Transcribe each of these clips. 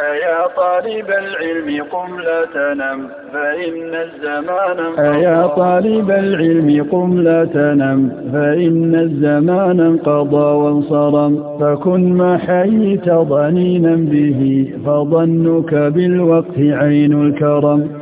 أيا طالب العلم قم لا تنم فإن الزمان انقضى أيا طالب العلم قم لا تنم فإن الزمان انقضى وانصرم فكن ما حييت ضنينا به فظنك بالوقت عين الكرم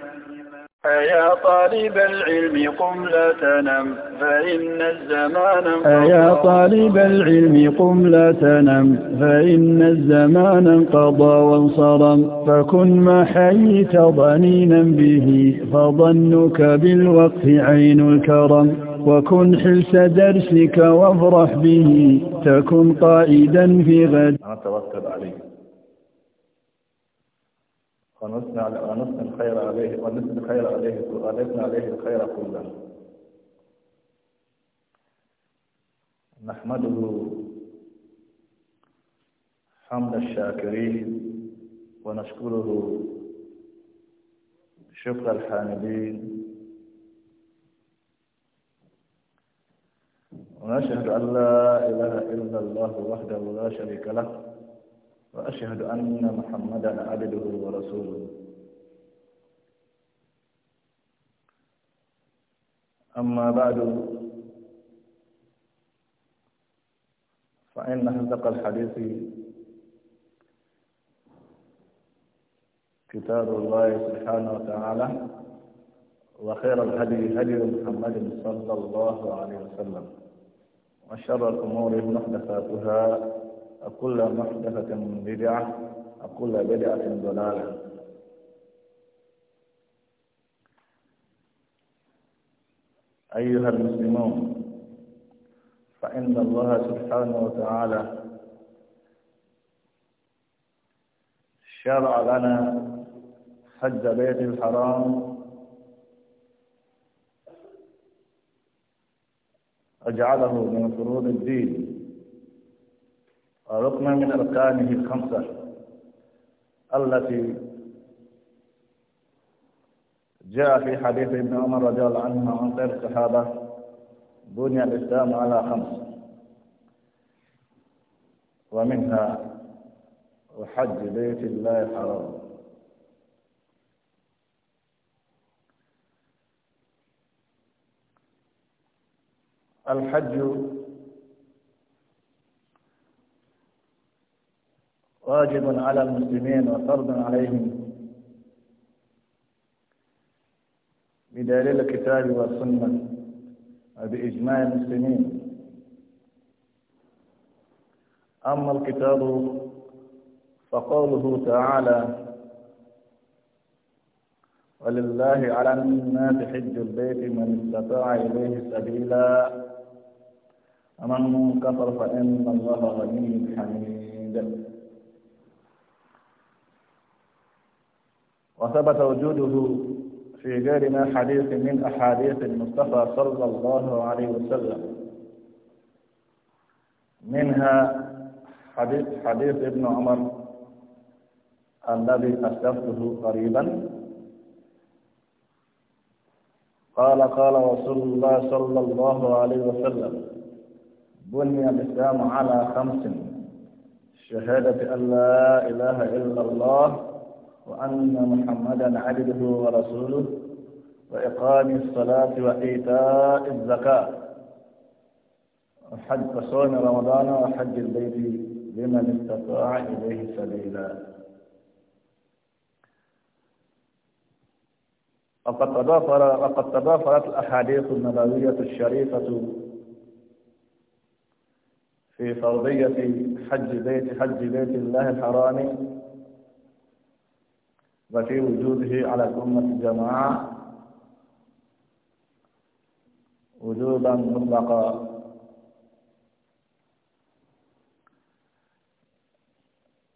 أيا طالب العلم قم لا تنم فإن الزمان انقضى أيا طالب العلم قم لا تنم فإن الزمان انقضى وانصرم فكن ما حييت ضنينا به فظنك بالوقت عين الكرم وكن حلس درسك وافرح به تكن قائدا في غد أنا توكل عليك ونثنى ونثنى الخير عليه ونثنى الخير عليه ونثنى عليه الخير كله نحمده حمد الشاكرين ونشكره شكر الحامدين ونشهد أن لا إله إلا الله وحده لا شريك له وأشهد أن محمدا عبده ورسوله أما بعد فإن أصدق الحديث كتاب الله سبحانه وتعالى وخير الهدي هدي محمد صلى الله عليه وسلم وشر الأمور محدثاتها وكل محدثة بدعة وكل بدعة ضلالة أيها المسلمون فإن الله سبحانه وتعالى شرع لنا حج بيت الحرام أجعله من فروض الدين ركنا من أركانه الخمسة التي جاء في حديث ابن عمر رضي الله عنه عن خير الصحابة بني الإسلام على خمس ومنها وحج بيت الله الحرام الحج واجب على المسلمين وفرض عليهم بدليل الكتاب والسنة وبإجماع المسلمين أما الكتاب فقوله تعالى ولله على الناس حج البيت من استطاع إليه سبيلا ومن كفر فإن الله غني حميد وثبت وجوده في غير ما حديث من أحاديث المصطفى صلى الله عليه وسلم منها حديث حديث ابن عمر الذي أسلفته قريبا قال قال رسول الله صلى الله عليه وسلم بني الإسلام على خمس شهادة أن لا إله إلا الله وأن محمدا عبده ورسوله وإقام الصلاة وإيتاء الزكاة وحج صوم رمضان وحج البيت لمن استطاع إليه سبيلا وقد تضافر وقد تضافرت الأحاديث النبوية الشريفة في فرضية حج بيت حج بيت الله الحرام وفي وجوده على الأمة جماعة وجوبا مطلقا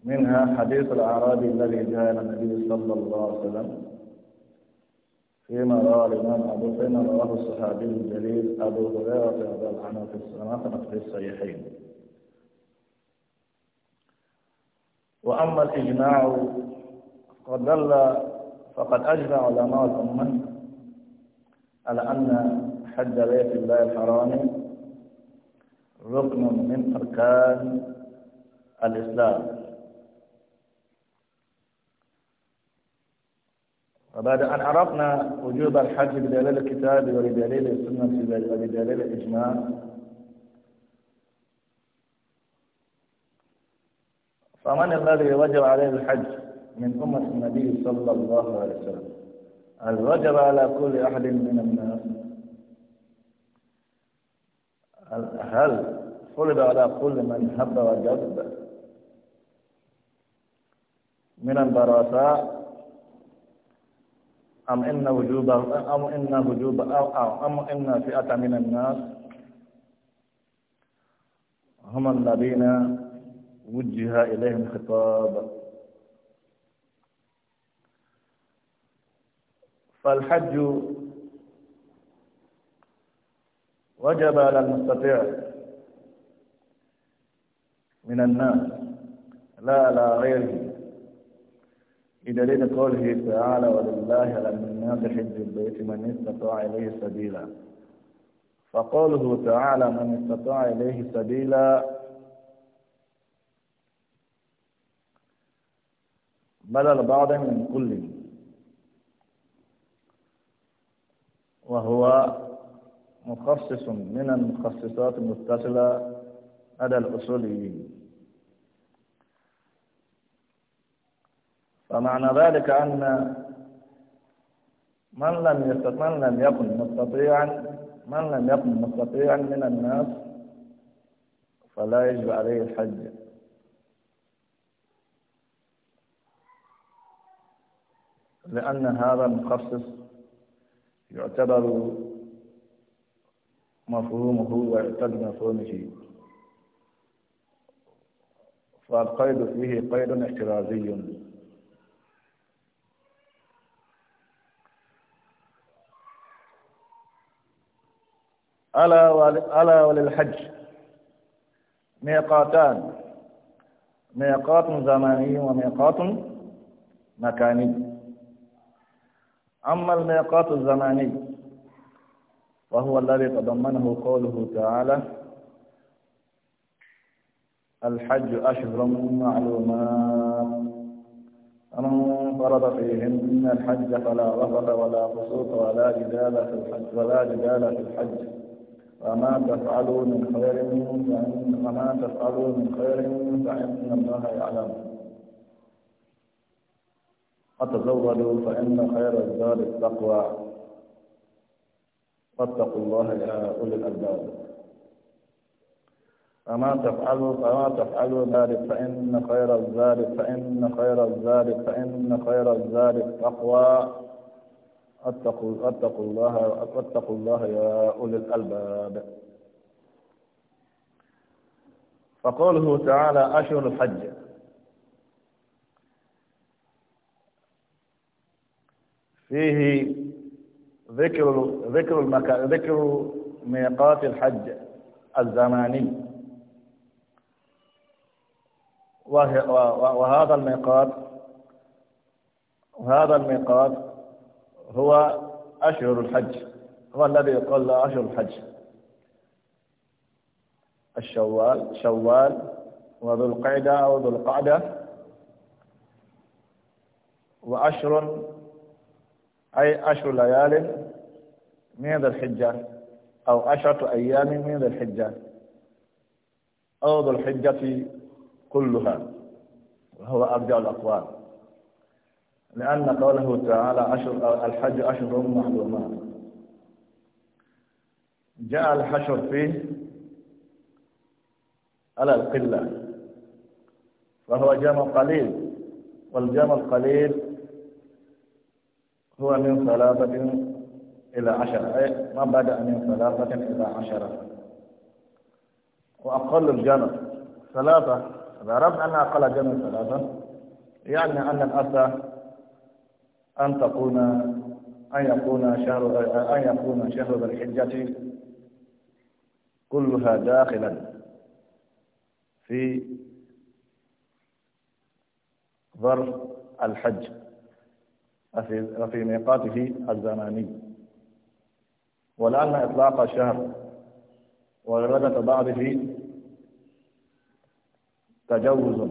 منها حديث الأعرابي الذي جاء إلى النبي صلى الله عليه وسلم فيما روى الإمام أبو فيما رواه الصحابي الجليل أبو هريرة رضي الله عنه في السنة في الصحيحين وأما الإجماع قد دل فقد أجمع علماء الأمة على أن حج بيت الله الحرام ركن من أركان الإسلام وبعد أن عرفنا وجوب الحج بدليل الكتاب وبدليل السنة وبدليل الإجماع فمن الذي وجب عليه الحج من أمة النبي صلى الله عليه وسلم هل وجب على كل أحد من الناس هل فرض على كل من هب وجذب من البراساء أم إن وجوبه أم إن وجوب أو, أو أم إن فئة من الناس هم الذين وجه إليهم خطاب فالحج وجب على المستطيع من الناس لا على غيره بدليل قوله تعالى ولله على الناس حج البيت من استطاع إليه سبيلا فقوله تعالى من استطاع إليه سبيلا بلل بعض من كل وهو مخصص من المخصصات المتصلة لدى الأصوليين فمعنى ذلك أن من لم يستطع من لم يكن مستطيعا من لم يكن مستطيعا من الناس فلا يجب عليه الحج لأن هذا مخصص يعتبر مفهومه ويعتد مفهومه فالقيد فيه قيد احترازي ألا ألا وللحج ميقاتان ميقات زماني وميقات مكاني أما الميقات الزماني وهو الذي تضمنه قوله تعالى الحج أشهر معلومات فمن فرض فيهن الحج فلا رفض ولا فسوق ولا جدال في الحج ولا جدال في الحج وما تفعلوا من خير فإن وما تفعلوا من خير فإن الله يعلم فتزودوا فإن خير الزاد التقوى فاتقوا الله يا أولي الألباب فما تفعلوا فما تفعلوا ذلك فإن خير الزاد فإن خير الزاد فإن خير الزاد التقوى اتقوا اتقوا الله اتقوا الله يا أولي الألباب فقوله تعالى أشهر الحج فيه ذكر ذكر المكان ذكر ميقات الحج الزماني وهذا الميقات وهذا الميقات هو أشهر الحج هو الذي يقال له أشهر الحج الشوال شوال وذو القعدة أو ذو القعدة وأشهر أي عشر ليال من ذي الحجة أو عشرة أيام من ذي الحجة أو ذو الحجة كلها وهو أرجع الأقوال لأن قوله تعالى عشر الحج أشهر معلومات جاء الحشر فيه على القلة فهو جمع قليل والجمع القليل هو من ثلاثة إلى عشرة أي ما بدأ من ثلاثة إلى عشرة وأقل الجمع ثلاثة إذا عرفنا أن أقل جمع ثلاثة يعني أن الأسى أن تكون أن يكون شهر أن يكون شهر ذي الحجة كلها داخلا في ظرف الحج في ميقاته الزماني ولأن إطلاق الشهر وغردة بعضه تجوز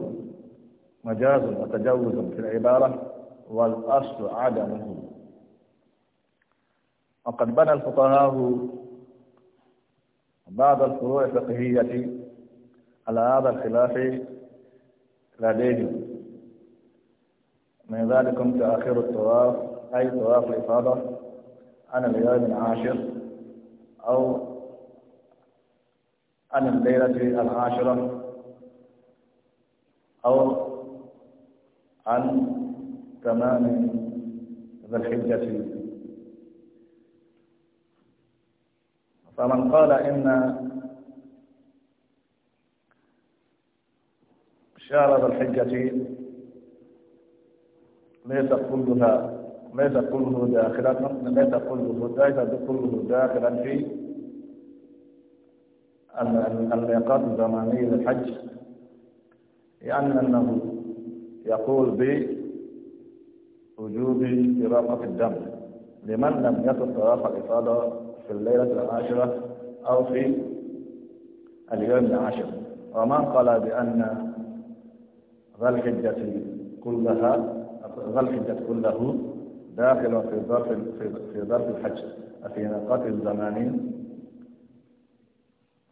مجاز وتجوز في العبارة والأصل عدمه وقد بنى الفقهاء بعض الفروع الفقهية على هذا الخلاف لديهم من ذلكم تأخير الطواف أي طواف الإفاضة عن اليوم العاشر أو عن الليلة العاشرة أو عن تمام ذي الحجة فمن قال إن شهر ذي الحجة ليس كلها ليس كله داخلا ليس كله ليس كله داخلا في الميقات الزمانية للحج لأنه أنه يقول بوجوب إراقة الدم لمن لم يصل طواف الإفاضة في الليلة العاشرة أو في اليوم العاشر ومن قال بأن ذا الحجة كلها ذا كله داخل في ظرف في ظرف الحج في نقاط الزمان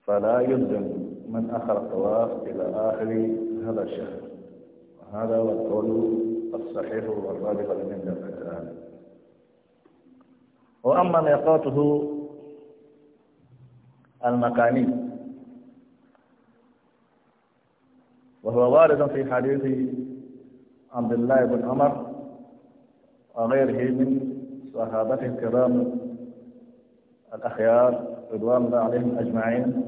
فلا يلزم من أخر الطواف إلى آخر هذا الشهر وهذا هو القول الصحيح والراجح عند الفتان وأما ميقاته المكاني وهو وارد في حديث عبد الله بن عمر وغيره من صحابته الكرام الأخيار رضوان الله عليهم أجمعين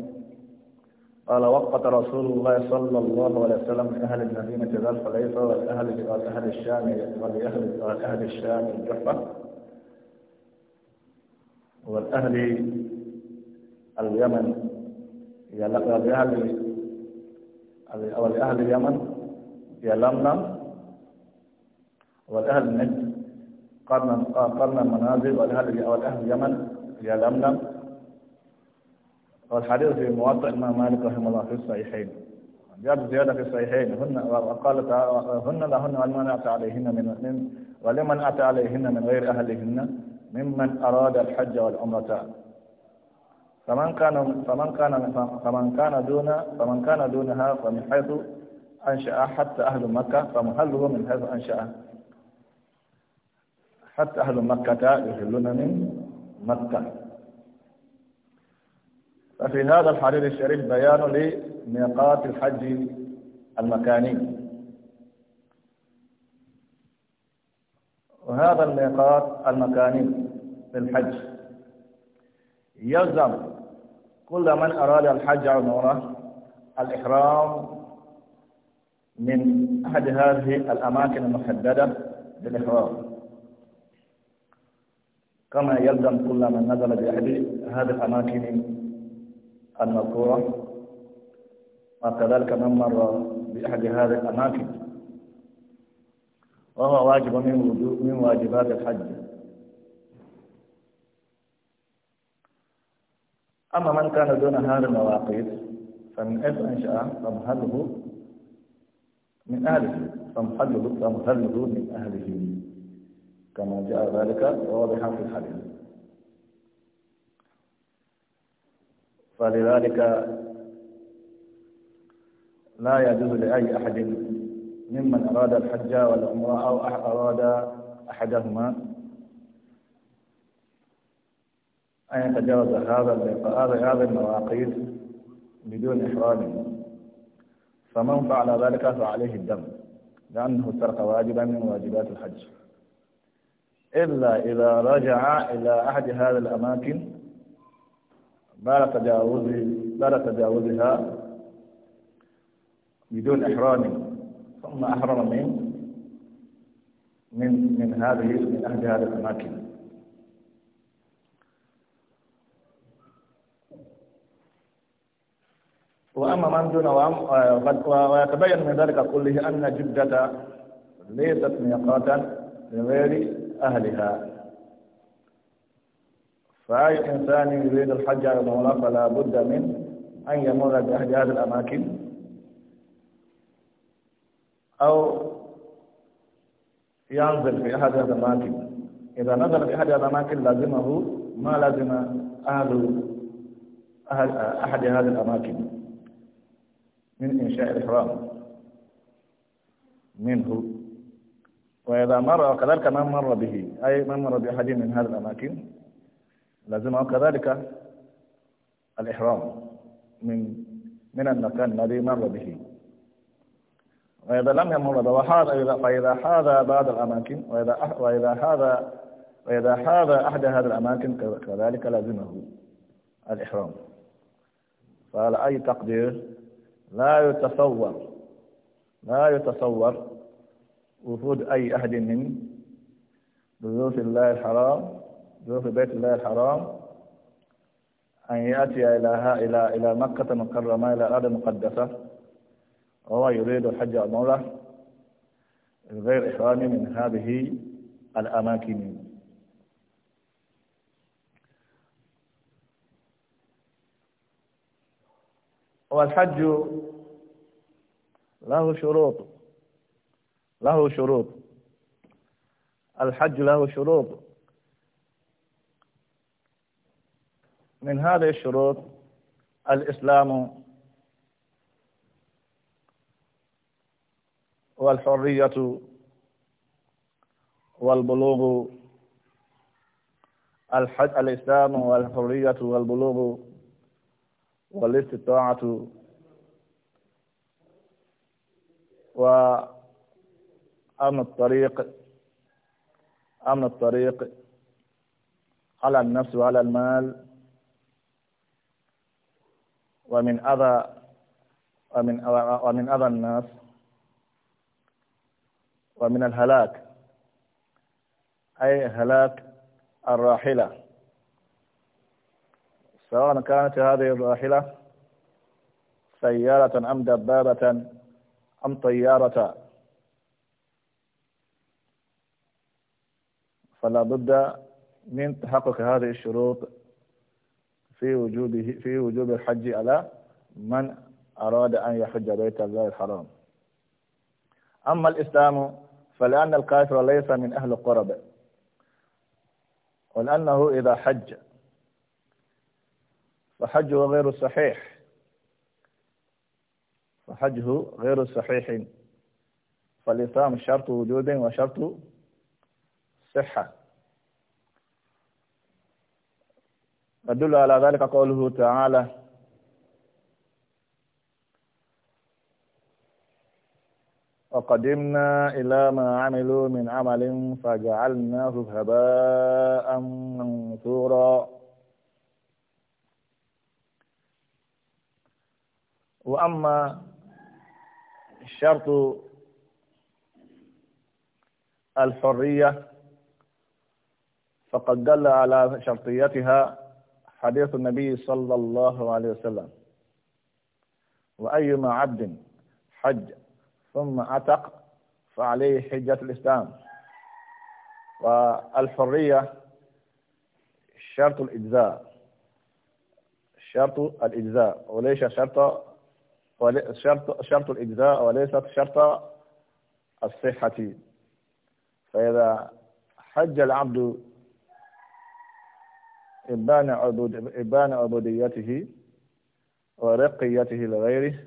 قال وقت رسول الله صلى الله عليه وسلم أهل المدينة ذا الخليفة والأهل أهل الشام والأهل أهل الشام الجحفة والأهل اليمن والأهل والأهل اليمن يلملم والأهل من قرن قرن المنازل والأهل والأهل اليمن يا لملم والحديث في موطئ الإمام مالك رحمه الله في الصحيحين جاءت زيادة في الصحيحين هن وقال هن لهن ولمن أتى عليهن من من ولمن أتى عليهن من غير أهلهن ممن أراد الحج والعمرة فمن كان فمن كان فمن كان دون فمن كان دونها فمن حيث أنشأ حتى أهل مكة فمحله من حيث أنشأ حتى أهل مكة يهلون من مكة ففي هذا الحديث الشريف بيان لميقات الحج المكاني وهذا الميقات المكاني للحج يلزم كل من أراد الحج على عمره الإحرام من أحد هذه الأماكن المحددة للإحرام كما يلزم كل من نزل بأحد هذه الأماكن المذكورة وكذلك من مر بأحد هذه الأماكن وهو واجب من من واجبات الحج أما من كان دون هذه المواقيت فمن حيث إن شاء فمحله من أهله فمحله فمحله من أهله كما جاء ذلك واضحا في الحديث فلذلك لا يجوز لأي أحد ممن أراد الحج والعمرة أو أراد أحدهما أن يتجاوز هذا هذه المواقيت بدون إحرام فمن فعل ذلك فعليه الدم لأنه ترك واجبا من واجبات الحج إلا إذا رجع إلى أحد هذه الأماكن بعد تجاوز بعد تجاوزها بدون إحرام ثم أحرم من من من هذه من أحد هذه الأماكن وأما من دون ويتبين من ذلك كله أن جدة ليست ميقاتا لغير أهلها فأي إنسان يريد الحج على المولى فلا بد من أن يمر بأحد هذه الأماكن أو ينزل في أحد هذه الأماكن إذا نزل في أحد هذه الأماكن لازمه ما لازم أهل أهل أحد هذه الأماكن من إنشاء الإحرام منه وإذا مر وكذلك من مر به أي من مر بأحد من هذه الأماكن لازم كذلك الإحرام من من المكان الذي مر به وإذا لم يمر هذا وحاذ فإذا حاذ بعض الأماكن وإذا وإذا حاذ وإذا حاذ أحد هذه الأماكن كذلك لازمه الإحرام فعلى أي تقدير لا يتصور لا يتصور وفود أي أحد من ظروف الله الحرام ظروف بيت الله الحرام أن يأتي إلى إلى إلى مكة المكرمة إلى الأرض المقدسة وهو يريد الحج والعمرة غير إحرام من هذه الأماكن والحج له شروط له شروط الحج له شروط من هذه الشروط الإسلام والحرية والبلوغ الحج الإسلام والحرية والبلوغ والاستطاعة و أمن الطريق أمن الطريق على النفس وعلى المال ومن أذى ومن ومن أذى الناس ومن الهلاك أي هلاك الراحلة سواء كانت هذه الراحلة سيارة أم دبابة أم طيارة فلا بد من تحقق هذه الشروط في وجوده في وجوب الحج على من أراد أن يحج بيت الله الحرام أما الإسلام فلأن الكافر ليس من أهل القرب ولأنه إذا حج فحجه غير صحيح فحجه غير صحيح فالإسلام شرط وجود وشرط صحة يدل على ذلك قوله تعالى وقدمنا إلى ما عملوا من عمل فجعلناه هباء منثورا وأما شرط الحرية فقد دل على شرطيتها حديث النبي صلى الله عليه وسلم وأيما عبد حج ثم عتق فعليه حجة الإسلام والحرية شرط الإجزاء شرط الإجزاء وليس شرط شرط شرط الإجزاء وليست شرط الصحة فإذا حج العبد إبان عبود إبان عبوديته ورقيته لغيره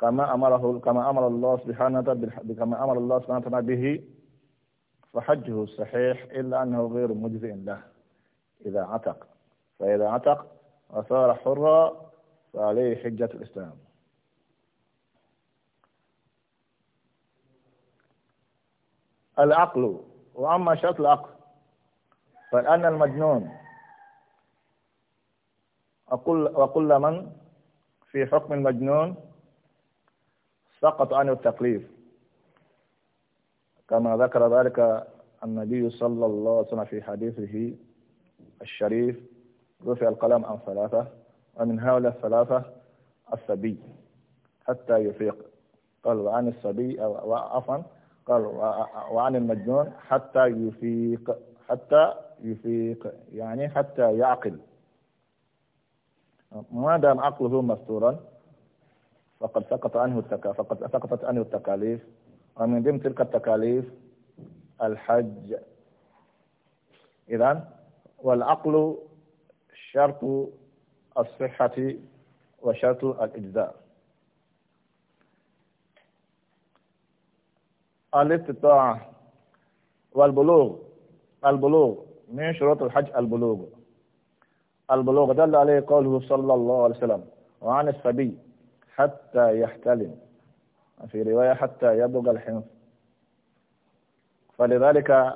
كما أمره كما أمر الله سبحانه وتعالى كما أمر الله سبحانه وتعالى به فحجه صحيح إلا أنه غير مجزئ له إذا عتق فإذا عتق وصار حرا فعليه حجة الإسلام العقل وأما شرط العقل فالآن المجنون أقول وكل من في حكم المجنون سقط عن التقليف كما ذكر ذلك النبي صلى الله عليه وسلم في حديثه الشريف رفع القلم عن ثلاثة ومن هؤلاء الثلاثة الصبي حتى يفيق قال وعن الصبي عفوا قال وعن المجنون حتى يفيق حتى يفيق يعني حتى يعقل ما دام عقله مستورا فقد سقط عنه التكا فقد سقطت عنه التكاليف ومن ضمن تلك التكاليف الحج إذا والعقل شرط الصحة وشرط الإجزاء الاستطاعة والبلوغ البلوغ من شروط الحج البلوغ البلوغ دل عليه قوله صلى الله عليه وسلم وعن الصبي حتى يحتلم في رواية حتى يبلغ الحنف فلذلك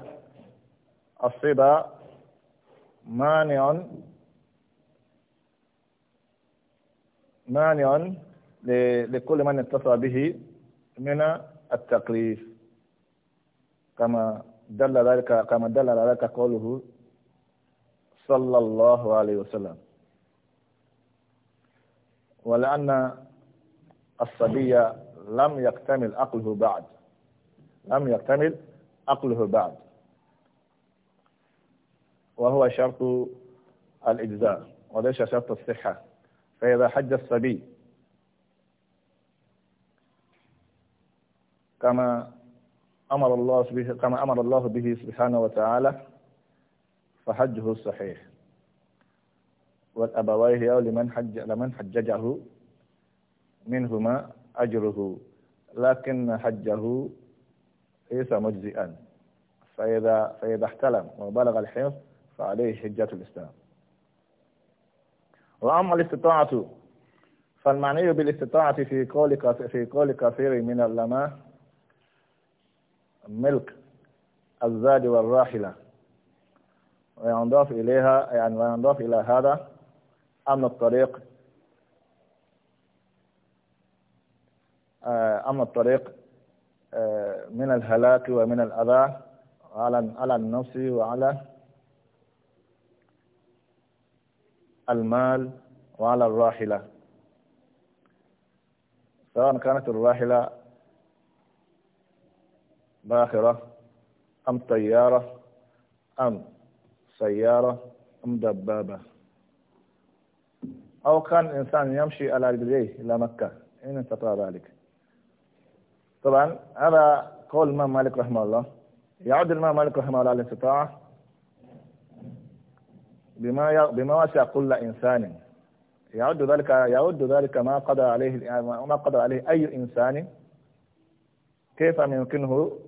الصبا مانع مانع لكل من اتصل به من التقليف كما دل ذلك كما دل ذلك قوله صلى الله عليه وسلم ولأن الصبي لم يكتمل عقله بعد لم يكتمل عقله بعد وهو شرط الإجزاء وليس شرط الصحة فإذا حج الصبي كما أمر الله به كما أمر الله به سبحانه وتعالى فحجه صحيح والأبويه أو لمن حج لمن حججه منهما أجره لكن حجه ليس مجزئا فإذا فإذا احتلم وبلغ الحيض فعليه حجة الإسلام وأما الاستطاعة فالمعني بالاستطاعة في قول في قول كثير من العلماء ملك الزاد والراحلة وينضاف إليها يعني وينضاف إلى هذا أمن الطريق آه، أمن الطريق آه، من الهلاك ومن الأذى على على النفس وعلى المال وعلى الراحلة سواء كانت الراحلة باخرة أم طيارة أم سيارة أم دبابة أو كان إنسان يمشي على رجليه إلى مكة إن استطاع ذلك طبعا هذا قول الإمام مالك رحمه الله يعد الإمام مالك رحمه الله الاستطاعة بما بما وسع كل إنسان يعد ذلك يعد ذلك ما قدر عليه ما قدر عليه أي إنسان كيف يمكنه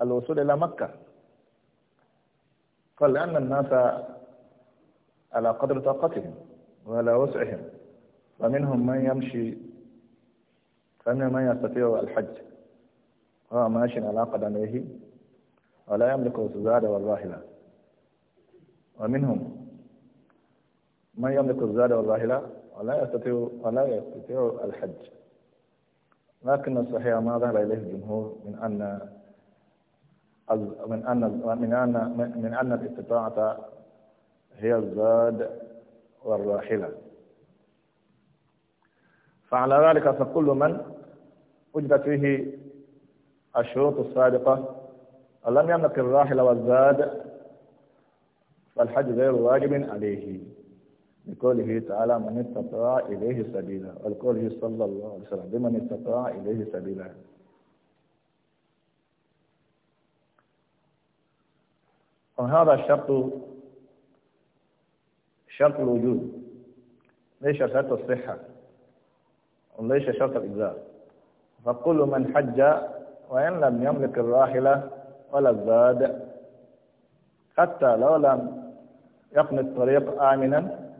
الوصول إلى مكة قال لأن الناس على قدر طاقتهم وعلى وسعهم فمنهم من يمشي فمنهم من يستطيع الحج هو ماشي على قدميه ولا يملك الزاد والراحلة ومنهم من يملك الزاد والراحلة ولا يستطيع ولا يستطيع الحج لكن الصحيح ما ذهب إليه الجمهور من أن من أن من أن من أن الاستطاعة هي الزاد والراحلة فعلى ذلك فكل من وجدت فيه الشروط السابقة لم يملك الراحلة والزاد فالحج غير واجب عليه لقوله تعالى من استطاع إليه سبيلا ولقوله صلى الله عليه وسلم بمن استطاع إليه سبيلا فهذا الشرط شرط الوجود ليس شرط الصحة وليس شرط الإجزاء فكل من حج وإن لم يملك الراحلة ولا الزاد حتى لو لم يقن الطريق آمنا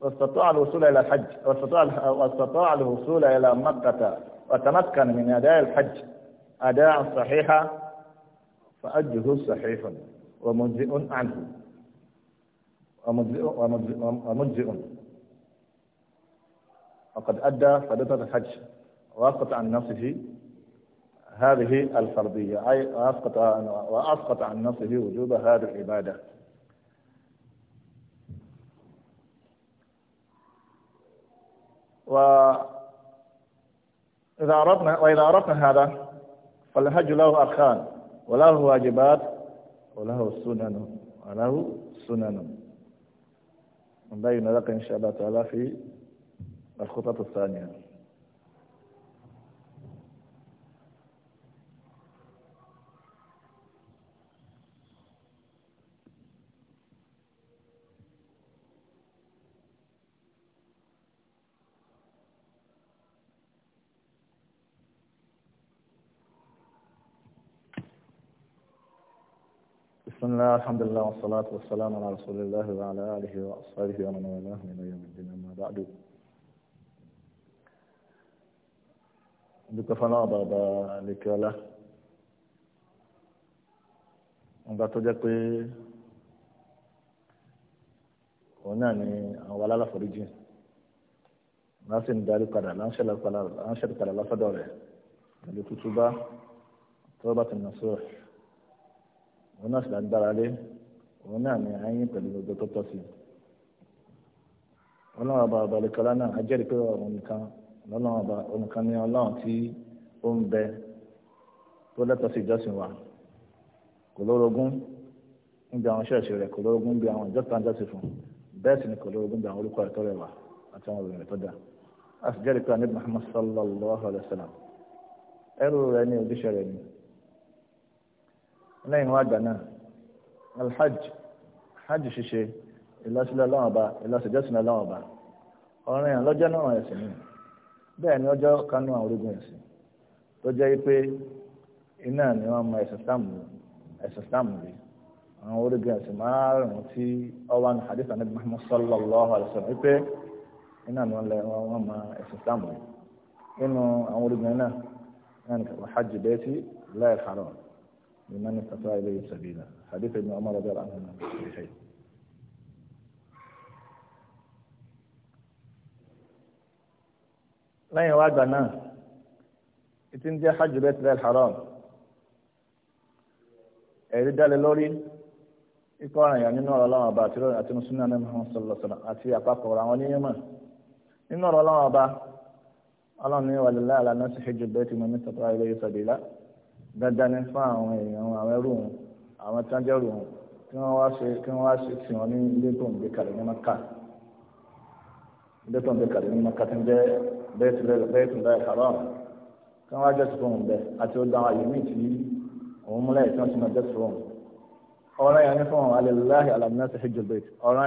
واستطاع الوصول إلى الحج واستطاع واستطاع الوصول إلى مكة وتمكن من أداء الحج أداء صحيحا فأجه صحيح ومجزئ عنه ومجزئ, ومجزئ, ومجزئ وقد أدى فريضة الحج وأسقط عن نفسه هذه الفرضية أي أسقط وأسقط عن نفسه وجوب هذه العبادة وإذا عرفنا وإذا عرفنا هذا فالحج له أركان وله واجبات وله سنن وله سنن نبين لك إن شاء الله تعالى في الخطط الثانية بسم الله الحمد لله والصلاة والسلام على رسول الله وعلى آله وأصحابه ومن والاه من يوم الدين أما بعد دوكا فلا بابا لكالا أنت تجاكي وناني أولا لا فريجين ناسين داري قدر لانشالك على الله فدوري دوكتوبة توبة النصوح òun náà sì là ń dára lé òun náà ni à ń yín pẹ̀lú gbogbo tó tọ́ sí i ọlọ́run ọba àbálẹ́kọ́lá náà a jẹ́rìí pé òun nìkan ọlọ́run ọba òun nìkan ni ọlọ́run tí ó ń bẹ tó lẹ́tọ̀ọ́ sí ìjọsìn wa kò lórogún ń bí àwọn ṣọ́ọ̀ṣì rẹ̀ kò lórogún ń bí àwọn ìjọta ìjọsìn fún bẹ́ẹ̀ sì ni kò lórogún bí àwọn orúkọ ẹ̀tọ́ rẹ̀ wà àti àwọn òròyìn tó dà a sì jẹ́rìí pé ànábì Muhammad sallallahu alayhi wa sallam ẹrú rẹ̀ ní ojúṣe rẹ̀ ni lẹ́yìn wá gbà náà alhaj hajj ṣíṣe ìlọsílẹ̀ ọlọ́run ọba ìlọsíjọ́sìn ọlọ́run ọba ọ̀rìn yàn lọ́jọ́ náà ẹ̀sìn ni bẹ́ẹ̀ ni ọjọ́ kanú àwọn orígun ẹ̀sìn tó jẹ́ pé iná ni wọ́n mọ ẹ̀sìn Islam ẹ̀sìn Islam rí àwọn orígun ẹ̀sìn márùn-ún tí ọwọ́ ní hadith anabi Muhammad sallallahu alayhi wa sallam wípé iná wọ́n lẹ wọ́n mọ láì haram لمن استطاع اليه سبيلا حديث ابن عمر رضي الله عنه في الصحيحين لين وعد الناس يتم دي حج بيت الله الحرام يرد على لوري يقول يعني نور الله ابا ترى اتم سنه محمد صلى الله عليه وسلم اتي ابا قران وني يما نور الله ابا الله ني ولله على الناس حج البيت من استطاع اليه سبيلا dandan ní fún àwọn èèyàn àwọn ẹrú wọn àwọn tájẹrù wọn kí wọn wá ṣe kí wọn wá ṣe maka ilé tó ń gbé ní maka tó ń jẹ bẹ́ẹ̀ tó tó kí wọn wá jẹ àti ó dáhùn àyè òun wọn ti máa jẹ sọfún wọn ọ̀rọ̀ yẹn ní fún wọn alẹ́láhi alamina ti hijab bait ọ̀rọ̀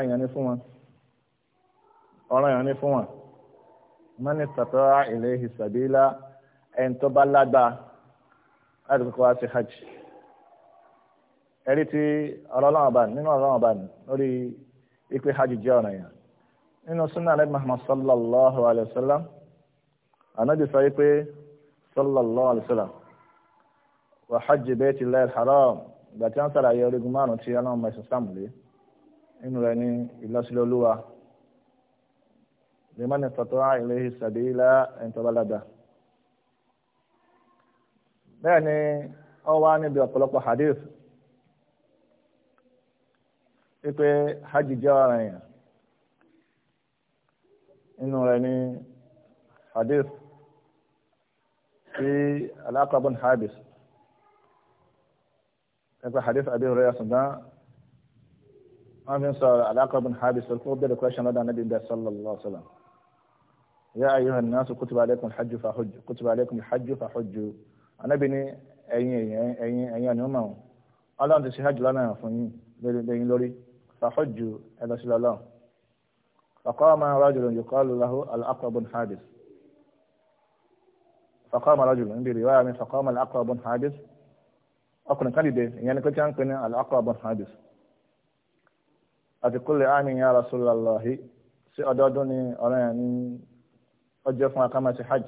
yẹn láti kókó wá sí hajj ẹ̀rí tí ọlọ́lọ́wọ́ bá nínú ọlọ́wọ́ bá lórí ipe hajj jẹ́ ọ̀nà yẹn nínú sunnah alẹ́ muhammad sallallahu alayhi wa sallam anabi sọ wípé sallallahu alayhi wa sallam wa hajj bayti llahil haram ìgbà tí wọ́n sàlàyé orígun márùn-ún tí ọlọ́run mọ̀ ìsọ̀sán nínú rẹ̀ ní ìlọsílẹ̀ olúwa lèmọ́nì tọ́tọ́ ilayhi sabila ẹ̀ńtọ́báládàá. يعني أو أنا بيطلق حديث إيه حج جاري إنه يعني حديث في العقب حابس إيه حديث أبي هريرة صلى أنا بنسأل العقب حابس الفوضى لكوشن هذا النبي صلى الله عليه وسلم يا أيها الناس كتب عليكم الحج فحج كتب عليكم الحج فحج anábì ní ẹ̀yin ẹ̀yin ẹ̀yin ẹ̀yin àni ọmọ àwọn ọlọ́run ti ṣe hajj lánàá fún yín lórí lẹ́yìn lórí fàfọ́jù ẹlọ́sílẹ̀ ọlọ́run faqama rajulun yuqalu lahu al-Aqra' ibn Habis faqama rajulun níbi riwaya mi faqama al-Aqra' ibn Habis ọkùnrin kan dìde ìyẹn ni pé tí wọ́n ń pè ní al-Aqra' àti kulli amin ya Rasulallahi sí ọdọọdún ni ọ̀rẹ́ yẹn ní ọjọ́ fún akámẹ́sì hajj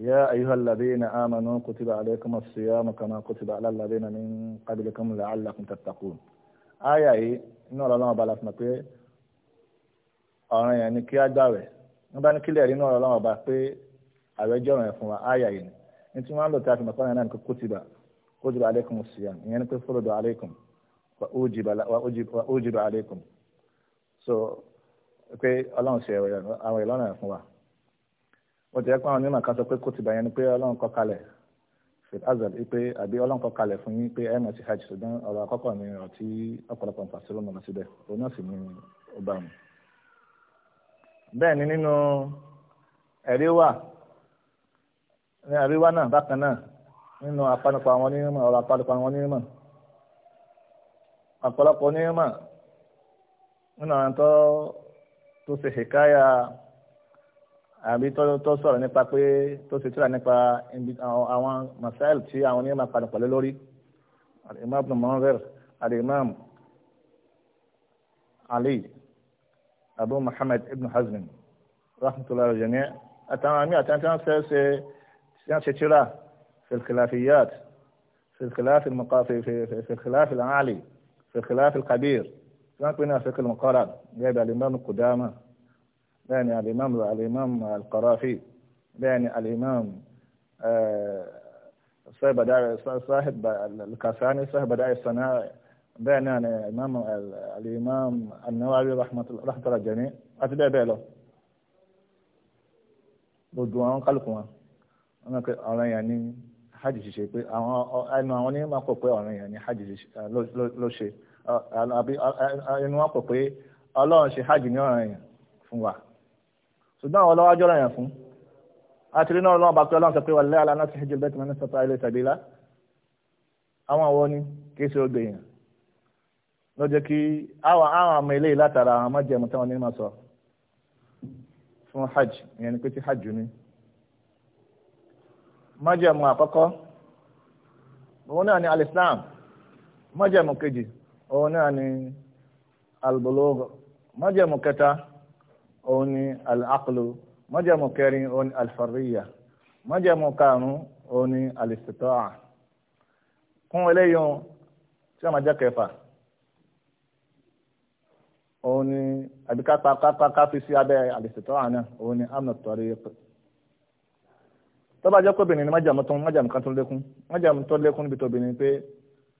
يا أيها الذين آمنوا كتب عليكم الصيام كما كتب على الذين من قبلكم لعلكم تتقون آية yìí inú ọ̀rọ̀ ọlọ́run ọba la fi mọ̀ pé ọ̀ràn yẹn ni kí á gbàwẹ̀ wọ́n bá ní kílẹ̀ rí inú ọ̀rọ̀ ọlọ́run ọba pé àwẹ̀ jẹ́ ọ̀ràn yẹn fún wa áyà yìí ni ní tí wọ́n á lò tá a fi mọ̀ fọ́nrán náà ni kutiba kutiba aleikum siyam ìyẹn ni pé fúrúdù aleikum wa ujiba aleikum so pé ọlọ́run ṣe àwọn ìlànà yẹn fún wa ó jẹ́ pé àwọn onímọ̀ kan sọ pé kò ti bàyẹn ni pé ọlọ́run kọ kalẹ̀ fit azal pé àbí ọlọ́run kọ kalẹ̀ fún yín pé ẹ̀ mọ̀ sí hajj ṣùgbọ́n ọ̀rọ̀ àkọ́kọ́ ni ọ̀rọ̀ tí ọ̀pọ̀lọpọ̀ nǹkan sí lọ́mọ síbẹ̀ òun náà sì ni ó bá mu. bẹ́ẹ̀ ni nínú ẹ̀rí wà ní ẹ̀rí wà náà bákan náà nínú apanupọ̀ àwọn onímọ̀ ọ̀rọ̀ apanupọ̀ àwọn onímọ̀ ọ̀pọ̀lọpọ̀ onímọ̀ nínú àbí tó sọ̀rọ̀ nípa pé tó ṣe tíra nípa àwọn masail tí àwọn onímọ̀ padà pẹ̀lú lórí al-imam ibn Munzir al-imam ali abu muhammad ibn hazmin rahmatullahi jami'a àtàwọn àmì àti àti àwọn ṣe ṣe tíra في الخلافيات في الخلاف المقاف في, في, في الخلاف العالي في الخلاف الكبير كما قلنا فقه المقارن جاب الإمام قدامة bẹ́ẹ̀ ni alimam alimam alqarafi bẹ́ẹ̀ ni alimam sahib alkasani sahib ada'i sana'i bẹ́ẹ̀ náà ni imam alimam anawawi rahmatulahi jami àti bẹ́ẹ̀ bẹ́ẹ̀ lọ gbogbo àwọn kálukú wọn wọn pe ọ̀ràn yẹn ni hajj ṣiṣe pé àwọn ẹnu àwọn onímọ̀ kò pé ọ̀ràn yẹn ni hajj ló ṣe àbí ẹnu wọn kò pé ọlọ́run ṣe hajj ní ọ̀ràn yẹn fún wa. ṣùgbọ́n àwọn ọlọ́wọ́ jọ́rọ̀ yẹn fún àtìrí náà lọ́wọ́ bá pé ọlọ́run sọ pé wà lẹ́yà lánàá ti hejì bẹ́ẹ̀ tí wọ́n sọ̀tọ̀ ilé tàbí lá àwọn àwọn ni kì í ṣe ogbè yẹn ló jẹ́ kí àwọn àwọn àmọ́ ilé látara àwọn táwọn sọ fún hajj ìyẹn ni pé tí hajj ni àkọ́kọ́ òun náà ni alislam kejì òun náà ni òun ni al-aqlu májẹ̀mú kẹrin òun ni al-farriya májẹ̀mú karùn-ún òun ni al-istita'a kún eléyìí tí wọ́n máa jẹ́ kẹfà òun ni àbíkápákápá fi sí abẹ́ al-istita'a náà òun ni amnu tariq tọ́ba jẹ́ kó obìnrin ni májàmú tó májàmú kan tó lékún májàmú tó lékún níbi tó obìnrin pé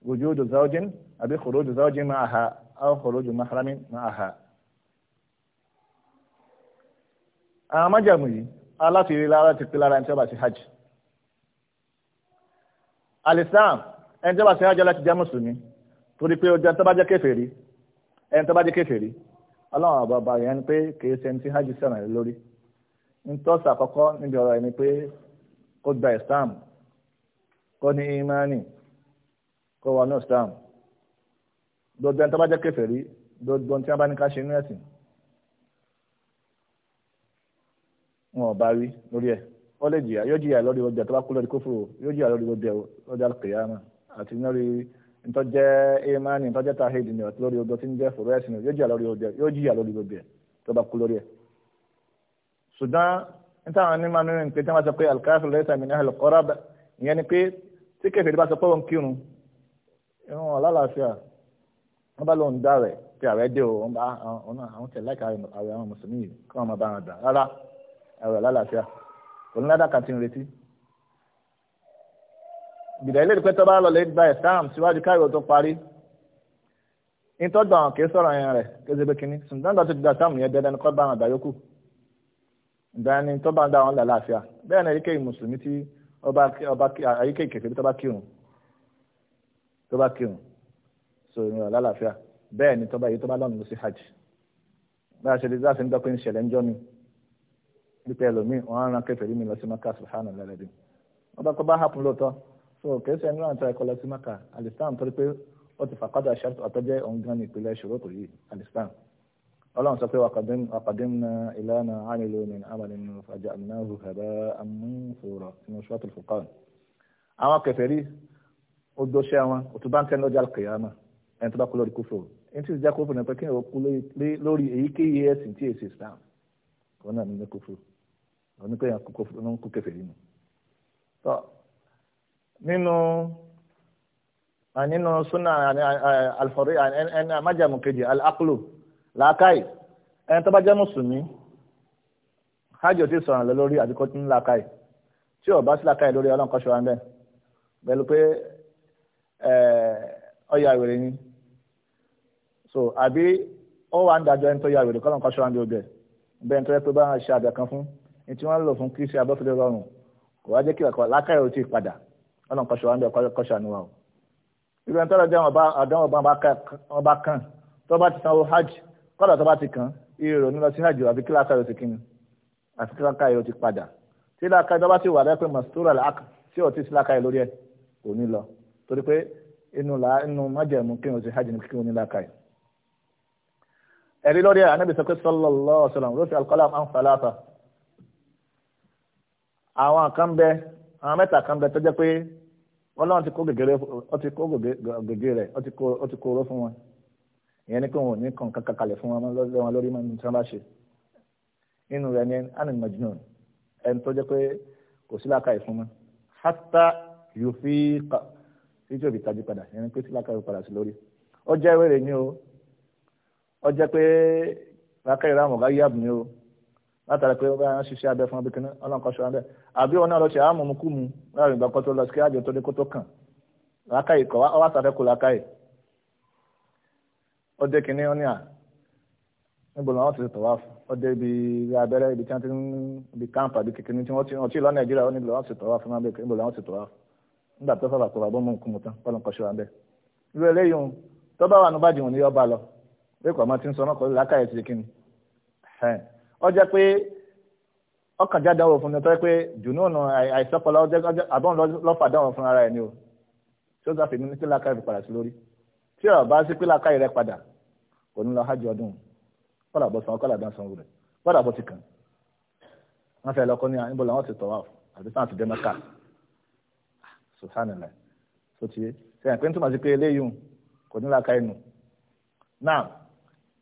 wujudu zawjin àbí khuruju zawjin ma'aha aw khuruju mahramin ma'aha àwọn májàmú yìí aláfihàn lára ti pé lára ẹni tí wọ́n bá ṣe hajj alislam ẹni tí wọ́n bá ṣe hajj láti jẹ́ mùsùlùmí torí pé ọjà tó bá jẹ́ kèfèrí ẹni tó bá jẹ́ kèfèrí ọlọ́run àbàbà yẹn ni pé kìí ṣe ẹni tí hajj sọ̀rọ̀ rẹ lórí ntọ́sí àkọ́kọ́ níbi ọ̀rọ̀ ẹni pé kó gba islam kó ní imani kó wọnú islam gbogbo ẹni tó bá jẹ́ kèfèrí gbogbo ẹni tí wọ́n bá ní ká ṣe inú ẹ̀sìn wọn ò bá rí lórí ẹ̀ wọ́n lè jìyà yóò jìyà lórí ọjà tó bá kú lórí kófòrò yóò jìyà lórí ọjà ọjà kìyàmà àti lórí ntọ́jẹ́ imani ntọ́jẹ́ tahid ni àti lórí ọjọ́ tí ń jẹ́ fòrò ẹ̀sìn yóò jìyà lórí ọjà yóò jìyà lórí ọjà tó bá kú lórí ẹ̀. ṣùgbọ́n níta àwọn onímọ̀ nínú ìpè tí wọ́n sọ pé alkaafi lẹ́sà mi náà lọ́kọ́rọ́ ìyẹn ni pé tí kẹfẹ́ bá sọ pé òun kírun ìrún ọ̀làlàáfíà wọ́n bá lóun dá rẹ̀ pé àwẹ̀ dé o ah, àwọn tẹ̀ láìka àwẹ̀ àwọn mùsùlùmí kí wọ́n máa bá wọn dà rárá ẹ̀rọ lálàáfíà kò ní ládàkà tí ń retí. ìgbìdá ilé ìpẹ́tọ́ bá lọ lè gba exam síwájú káyọ̀ tó parí ìtọ́jú àwọn kì í sọ̀rọ̀ yẹn rẹ̀ kéde pé kínní ṣùgbọ́n ìgbà tó ti gba exam yẹn dẹ́dẹ́ ní kọ́ bá àwọn àgbà yòókù ìdáni tó bá ń dá àwọn lálàáfíà bẹ́ẹ̀ ni èyíkéyìí mùsùlùmí tí ọba èyíkéyìí kẹfẹ́ tó bá kírun tó bá kírun so ìrìn lálàáfíà bẹ́ẹ̀ ni tó bá yìí tó bá lọ́nà lọ sí hajj bá a ṣe lè dá sí ń dọ́pẹ́ ń ṣẹlẹ̀ ń jọ́ dípẹ́ ẹlòmíì wọ́n á ran kèfèrí mi lọ sí maka subhanahu wa ta'ala wọ́n bá kọ́ bá hapun lóòótọ́ so kèésì ẹni náà ń ta ẹ̀kọ́ lọ sí maka alislam torí pé ó ti fàkọ́dà ṣáàtì ọ̀tọ́jẹ́ òǹgan ní ìpìlẹ̀ ṣòro kò yí alislam ọlọ́run sọ pé wàkàdínà ìlànà ànílò ní amalin faja'alnahu haba'an mansura ní suratul Furqan àwọn kèfèrí ó dóṣẹ́ wọn òtún bá ń tẹ́ni lọ́jà kìyàmà ẹni tó bá kú lórí kúfò ẹni tí ó jẹ́ kúfò pé kí ni ó lórí èyíkéyìí ẹ̀sìn tí èsì islam kò náà ní kúfò òní pé yẹn kó kẹfẹ́ yìí nù. tọ́ nínú nínú súnà alifọ̀rí ẹni amájàmù kejì alákùlù làákàyè ẹni tó bá jẹ́ mùsùlùmí hajj ti sọ̀rọ̀ lọ lórí àdìkọ́ tí ń làákàyè tí ò bá sí làákàyè lórí ọlọ́run kọ́ṣọ́ wọn bẹ́ẹ̀ pẹ̀lú pé ọ̀yà ìwèrè ni so àbí ó wà ń dájọ́ ẹni tó yà ìwèrè kọ́lọ́n kọ́ṣọ́ wọn bí ó bẹ́ẹ̀ ni tó pé bá ṣe àbẹ̀ fún ní tí wọ́n lò fún kí ṣe abọ́fẹ́lẹ́ rọrùn kò wá jẹ́ kí ọ̀kọ́ lákàyè òtí padà ọlọ́run kọ́ṣọ́ wa ń bẹ kọ́ṣọ́ àníwá o. irú ẹni tọ́lọ́ jẹ́ ọ̀dọ́n ọba kan tó bá ti sanwó hajj kọ́dọ̀ tó bá ti kàn iye rò ní lọ sí hajj àbí kí lákàyè òtí kíni àti kí lákàyè òtí padà tí lákàyè tó bá ti wà lẹ́pẹ́ mastura lak tí òtí sí lákàyè lórí ẹ̀ kò ní lọ torí pé inú la inú májẹ̀mú kí òtí hajj ní kí òní lákàyè ẹ̀rí lórí ẹ̀ anábìsọ̀ pé sallallahu alaihi wasallam rọ́ọ̀sì alqalam an salata àwọn kan bẹ àwọn mẹ́ta kan bẹ tó pé wọ́n ti kó gègé ó ti kó gègé rẹ̀ ó ti kó ó ti kó fún wọn ìyẹn ni pé wọn ò ní kàn kankan kalẹ̀ fún wọn wọn lórí tí bá ṣe ni anil majnun ẹni tó pé kò sí láàka ìfún ni pé o ó jẹ́ pé láàka ìrámọ̀ gáyàbù ni o. látara pé bá ń ṣiṣẹ́ abẹ fún abikin ọlọ́nkọ́ṣọ́ abẹ àbí wọn náà lọ ṣe àmọ́ mu kú mu láàrin ìgbà kan tó lọ sí kí àjọ tó dé kó tó kàn làákàyè kọ́ wá sàfẹ́ kó làákàyè ó dé kínní ó ní à níbo làwọn ti tọ̀ wá fún ó dé ibi abẹ́rẹ́ ibi tí wọ́n ti ń ibi káàmpù àbí kékeré tí wọ́n ti ọtí lọ nàìjíríà ó ní làwọn ti tọ̀ wá fún abẹ́ níbo làwọn ti tọ̀ wá fún nígbà tó fàbà kọ̀ọ̀bà bọ́ mú tán ọlọ́nkọ́ṣọ́ abẹ irú eléyìí tó bá wà nù ní ọba lọ bí kò ọjọ́ pé ọkàn jáde àwọn òfin pé jùnú ọ̀nà àìsọ́pọ̀lá àbọ̀n lọ́fà dáwọn fún ara ẹ̀ o tí ó sáfì ní rẹ̀ padà sí lórí tí ọ̀rọ̀ bá sí rẹ̀ padà kò ní lọ hajj ọdún kọ́là bọ́ san kọ́là dán rẹ̀ kọ́là bọ́ ti kàn wọ́n fẹ́ lọ́kọ́ ní làwọn ti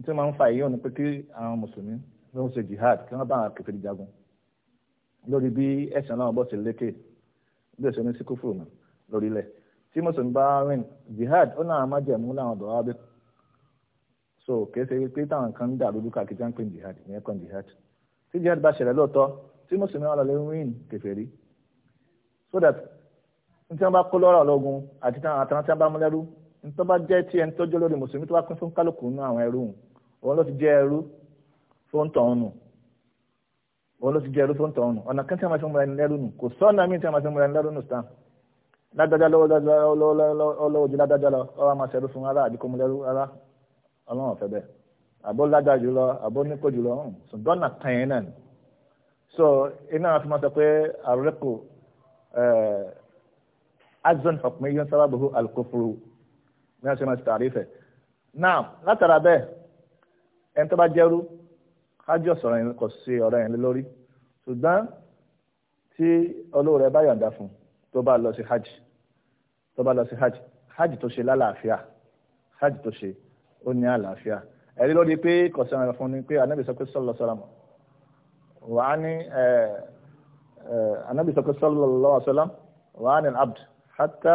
tí wọ́n máa ń fa èyí ọ̀nà pé kí àwọn mùsùlùmí ló ń ṣe jihad kí wọ́n bá àwọn kèfèrí jagun lórí bí ẹ̀sìn náà bọ́ sí lékè bí ẹ̀sìn ní síkú fòrò lórílẹ̀ tí mùsùlùmí bá rìn jihad ó náà má jẹ̀mú láwọn ọ̀dọ́ wábẹ́ so kìí ṣe pé táwọn kan ń dà lójú káàkiri tí wọ́n ń pè jihad ìyẹn kan jihad tí jihad bá ṣẹlẹ̀ lóòótọ́ tí mùsùlùmí wà lọ́lẹ́ rìn kèfèrí so that tí wọ́n bá kó lọ́rọ̀ lọ́gùn àti àtàwọn tí wọ́n bá mú lẹ́rú nítorí bá jẹ́ tí ẹni tọ́jú lórí mùsùlùmí tó bá kún fún kálukú nínú àwọn ẹrú òun òun ló ti jẹ́ ẹrú fún tọ̀hún nù òun ló ti jẹ́ ẹrú fún tọ̀hún nù ọ̀nà kan tí a máa fi múra ẹni lẹ́rú nù kò sọ́nà míì tí a máa fi múra ẹni lẹ́rú nù sàn ládájá lọ́wọ́ ju ládájá lọ ọ̀rọ̀ máa ṣẹlú fún ara àdìkọ́ mu lẹ́rú ara ọlọ́run ọ̀fẹ́ bẹ́ẹ̀ àbó ní wọ́n ṣe máa ti tàrífẹ̀ náà látara bẹ́ẹ̀ ẹni tó bá jẹ́rú hájú ọ̀sọ̀rọ̀ yẹn kò sí ọ̀rọ̀ yẹn lórí ṣùgbọ́n tí olówó rẹ̀ bá yọ̀ǹda fún tó bá lọ sí hajj tó bá lọ sí hajj hajj tó ṣe lálàáfíà hajj tó ṣe ó ní àlàáfíà ẹ̀rí lórí pé kọ̀sán ẹ̀rọ fún ni pé anábì sọ pé sọ́lọ́ sọ́lámù wà á ní anábì sọ pé sọ́lọ́ sọ́lámù wà á ní abd hatta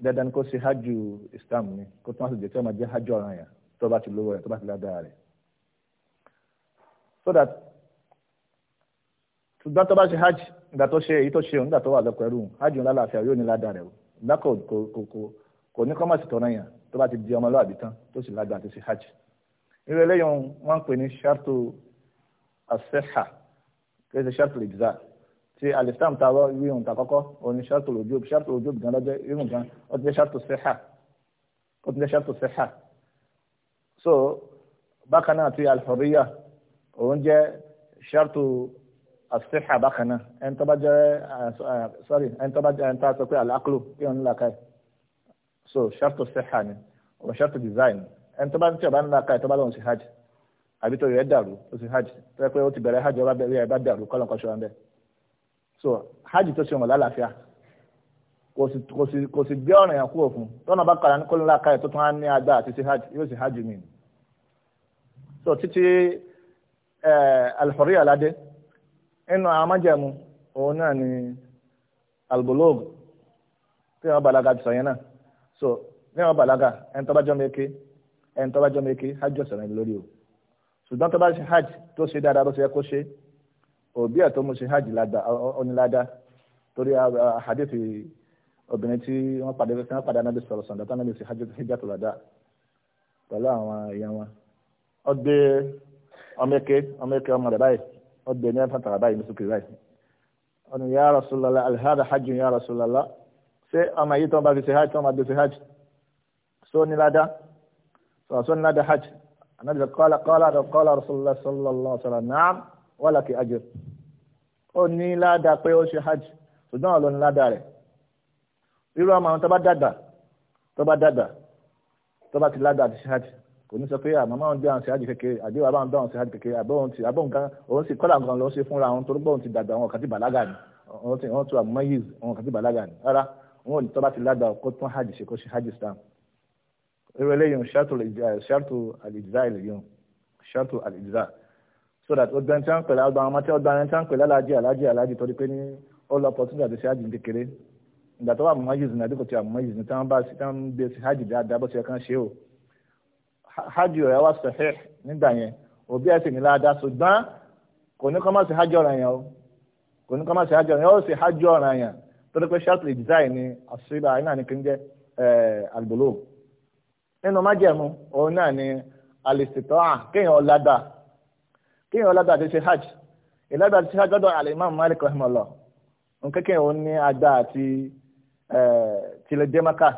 dandan ni kó ṣe islam ni kó tó má sì jẹ́ kí wọ́n máa jẹ́ hajj ọ̀ràn yẹn tó bá ti lówó rẹ̀ tó bá ti ládàá rẹ̀ so that ṣùgbọ́n tó bá ṣe hajj ìgbà tó ṣe èyí tó ṣe òǹgbà tó wà lọ́kọ̀ ẹrú hajj ńlá làáfíà yóò ní ládàá rẹ̀ o ìgbà kò kò kò kò ní kọ́mọ̀sì tọ́nà yẹn tó bá ti di ọmọlúwàbí tán tó sì lágbà àti ṣe hajj irú eléyìí wọ́n pè ní ṣáàtò àṣẹ́hà kí ẹ ṣe ṣáàtò ìjìzá ti alistam ta lọ ìwé ohun tàkọ́kọ́ òní ṣàtò lójúb ṣàtò lójúb gan lọ́jọ́ irun gan ó ti jẹ́ ṣàtò sẹ́hà ó ti jẹ́ ṣàtò sẹ́hà so bákan náà ti alhurriya òun jẹ́ ṣàtò asẹ́hà bákan náà ẹni tó bá jẹ́ sorry ẹni tó bá jẹ́ ẹni tó sọ pé alákùlù kí òun nílà káyì so ṣàtò sẹ́hà ni òun ṣàtò design ẹni tó bá ń tí ọba nílà káyì tó bá lóun sí hajj àbí tó yẹ dàrú ó sì hajj tó yẹ pé ó ti bẹ̀rẹ̀ hajj ọba bẹ̀rẹ̀ ẹ̀ bá dàrú kọ́lọ́n kọ́ṣọ́ wọn so hajj tó ṣe lálàáfíà kò sì kò sì kò sì gbé ọ̀ràn yẹn kúrò fún tọ́nà bá kàrà ní kó káyọ̀ tó tún ní agbára àti hajj yóò ṣe hajj mi so títí alifọ̀rí aládé nínú òun náà ni albolog tí balaga ti sọ náà so ní wọ́n balaga ẹni tó bá jọ́ mẹ́kẹ́ ẹni tó bá hajj lórí o ṣùgbọ́n tó bá ṣe hajj tó ṣe dáadáa si ṣe òbí ẹ̀ tó mú ṣe hajj onílada torí ah, ah, hadith obìnrin tí wọ́n padà tí wọ́n padà nábì sọ̀rọ̀ sọ̀dọ̀ tánàbì sí hajj hijab lọ́dà pẹ̀lú àwọn èèyàn wọn. ó gbé ọmọ eke ọmọ eke ọmọ rẹ̀ báyìí ó gbé ní ẹ̀fọn tàrà báyìí mùsùlùmí báyìí. ó ní ya Rasulullah alihada hajj ya Rasulullah ṣé ọmọ yìí tó ń bá fi ṣe hajj tó ń bá fi ṣe hajj só ní ládá hajj anábìsẹ̀ qala qala qala Rasulullah sallallahu alaihi wà lákè àjò ó ní ládàá pé ó ṣe hajj ṣùgbọ́n àwọn ló ní ládàá rẹ̀ irú àwọn àwọn tó bá dàgbà tó bá dàgbà tó bá ti ládàá àti ṣe hajj kò ní sọ pé àmọ́ máa ń gbé àwọn ṣe hajj kékeré àdéhùn àbá ń bá àwọn ṣe hajj kékeré àbọ̀ òun ti àbọ̀ nǹkan òun sì kọ́là nǹkan lọ sí fúnra àwọn torí bọ́ọ̀ ti dàgbà àwọn kan bàlágà ni wọ́n ti wọ́n tún àmọ́ yìí àwọn kan bàlágà ni rárá wọn ò ní tó bá ti ládàá kó tún hajj ṣe kó ṣe hajj stamp irú eléyìí ṣàtò àlìjá ìlú ṣàtò àlìjá so that ó gbẹ́ni tí wọ́n ń pèlè ọgbà ọmọ tí wọ́n gbẹ́ni tí wọ́n ń pèlè aláàjì aláàjì aláàjì torí pé ní ó lọ pọ̀ síbi àdéṣe àjì kékeré ìgbà tó wà mọ́ yìí zùnà dípò tí wà mọ́ yìí zùnà tí wọ́n bá sí tí wọ́n ń gbé sí hajj dáadáa bó ti yẹ kán ṣe o hajj rẹ̀ wá sahih nígbà yẹn òbí ẹ̀sìn ní láadáa ṣùgbọ́n kò ní kọ́ máa ṣe hajj ọ̀ràn yẹn o kò ní kọ́ máa ṣe hajj ọ̀ràn yẹn ó ṣe hajj ọ̀ràn yẹn torí pé ṣáàtìlì design ni àṣìlá iná ni kí n jẹ́ àgbòlò eh, nínú májẹ̀mú òun náà ni al-istita'a kéèyàn kéèyàn ládàá àti ṣe hajj ìlàdà àti ṣe hajj lọ́dọ̀ alimami malik rahimahullah nǹkan kéèyàn ó ní agbá àti tìlẹ̀dẹ́maka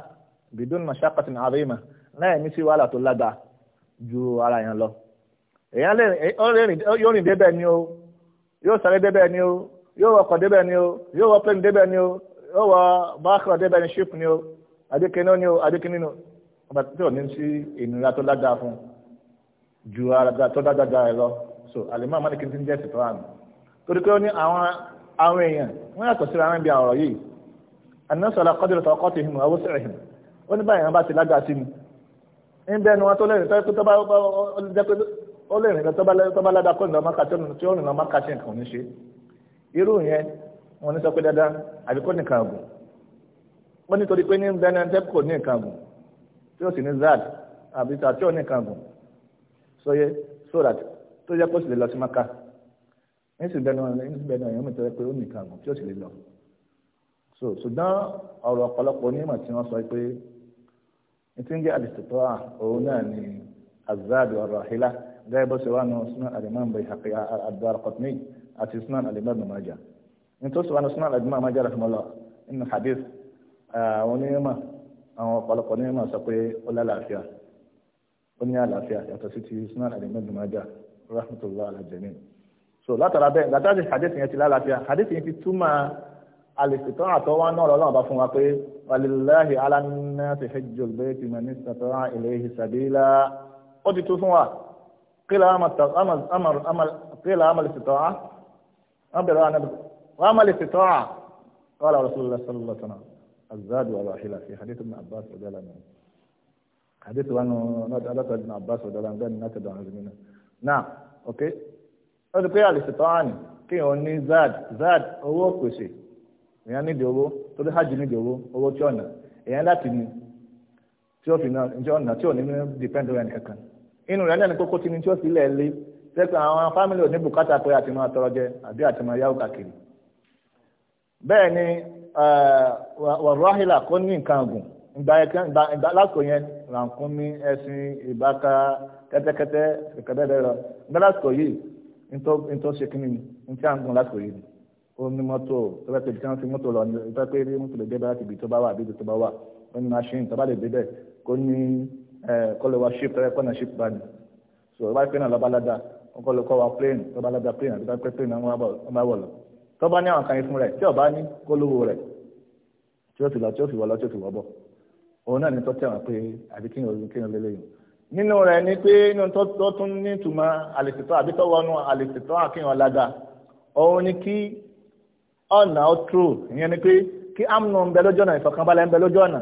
bidun mashaqatin azima láì ní sí wàhálà tó ládàá ju ara yẹn lọ. èèyàn lè yóò rìn débẹ̀ ni o yóò sáré débẹ̀ ni o yóò wọkọ̀ débẹ̀ ni o yóò wọ plane débẹ̀ ni o yóò wọ báàkìrọ̀ débẹ̀ ni ship ni o adékiní ni o adékiní ni o ọba tí ò ní sí ìnira tó ládàá fún ju ara tó ládàá ẹ lọ. so àlèmọ́ àmọ́ nìkan ti ń jẹ́ sitran torí pé ó ní àwọn àwọn èèyàn wọ́n yàtọ̀ síra wọn bí ọ̀rọ̀ yìí ànásọ̀lá kọ́dìrì tó ti hìm ọwọ́ sẹ̀rẹ̀ hìm ó ní báyìí wọn bá ti lága sí ń bẹ́ẹ̀ ni wọ́n tó na tó bá ó lẹ́rìn tó bá ládàá kó nìlọ́mọ́ kàtí tí ó kàtí nǹkan ní ṣe irú yẹn wọn ní tó yẹ kó sì lè lọ sí maka ní sì bẹ́ẹ̀ náà ní sì bẹ́ẹ̀ náà èèyàn mi tọ́ pé ó nìkan àgùn tí ó sì lè lọ so ṣùgbọ́n ọ̀rọ̀ ọ̀pọ̀lọpọ̀ onímọ̀ tí wọ́n sọ pé ní ti ń jẹ́ àdìsítọ́ à òun náà ni azabi ọ̀rọ̀ àhílá gẹ́gẹ́ bó ṣe wà nù sunan alimam Bayhaqi ad-Daraqutni àti sunan alimam Ibn Majah ní tó ṣe wà nù sunan alimam Ibn Majah rahimahullah nínú hadith àwọn onímọ̀ àwọn ọ̀pọ̀lọpọ̀ onímọ̀ sọ pé ó lálàáfíà ó ní àlàáfíà yàtọ̀ sí ti sunan alimam Ibn Majah rahmatulah alajami so látara bẹ́ẹ̀ látara ti hadith yẹn ti lálàáfíà hadith yẹn ti túmọ̀ alèsìtàn àtọwọ́ náà lọ́lọ́run bá fún wa pé walilahi alanna ti hajjul bayti man istata'a ilayhi sabila ó ti tó fún wa qila amal istita'a abẹ̀rẹ̀ anabi wa amal istita'a qala rasulullah sallallahu alaihi wa sallam azadu ala hila fi hadith ibn abbas wa jala min hadith wa nu na ibn abbas wa jala min na ta da ok ó ti pé àlèsè tó hàn ní zad zad owó pèsè èèyàn nídìí owó torí hajj nídìí owó owó tí ọ̀nà èèyàn láti ní tí ó fi náà ǹjẹ́ ọ̀nà tí ò ní ní depend on ẹnìkankan inú rẹ̀ lẹ́nu kókó tí ní tí ó fi lé sẹ́kọ̀ àwọn fámìlì òní bùkátà pé àti máa tọrọ jẹ àbí àti máa yáwó kàkiri bẹ́ẹ̀ ni eh, wàrúwáhìlà kó ìgbà yẹn ìgbà lásìkò yẹn rànkúnmí ẹṣin ìbáka kẹ́tẹ́kẹ́tẹ́ kẹ̀kẹ́ bẹ́ẹ̀ lọ ìgbà lásìkò yìí nítorí ṣe kínní ní tí a ń gun lásìkò yìí ó ní mọ́tò tó bá tẹ̀lé tí wọ́n fi mọ́tò lọ ní ìgbà pé rí mọ́tò lè dé báyà tìbí tó bá wà àbí tó bá wà ó ní machine tó bá lè débẹ̀ kó wa ship tẹ́lẹ̀ kọ́nà ship bá ní so ìbá pé náà lọ́ba ládàá wọ́n kọ́ lọ kọ́ wa plane tó bá ládàá plane àti pé plane náà wọ́n bá wọ̀ lọ tó bá ní àwọn kan yẹn fún rẹ̀ tí ò bá lọ tí ó fi wọ́ tí ó fi wọ́ bọ̀ òun náà ní tó tẹ̀wọ̀n pé àbí kí ni olú kí ni olú lẹ́yìn nínú rẹ̀ ni pé inú tó tún ní ìtumọ̀ àlèsìtọ́ àbí tó wọnú àlèsìtọ́ àkíyàn lága òun ni kí ọ̀nà ó tró ìyẹn ni pé kí amnu ń bẹ lójú ọ̀nà ìfọ̀kànbalẹ̀ ń bẹ lójú ọ̀nà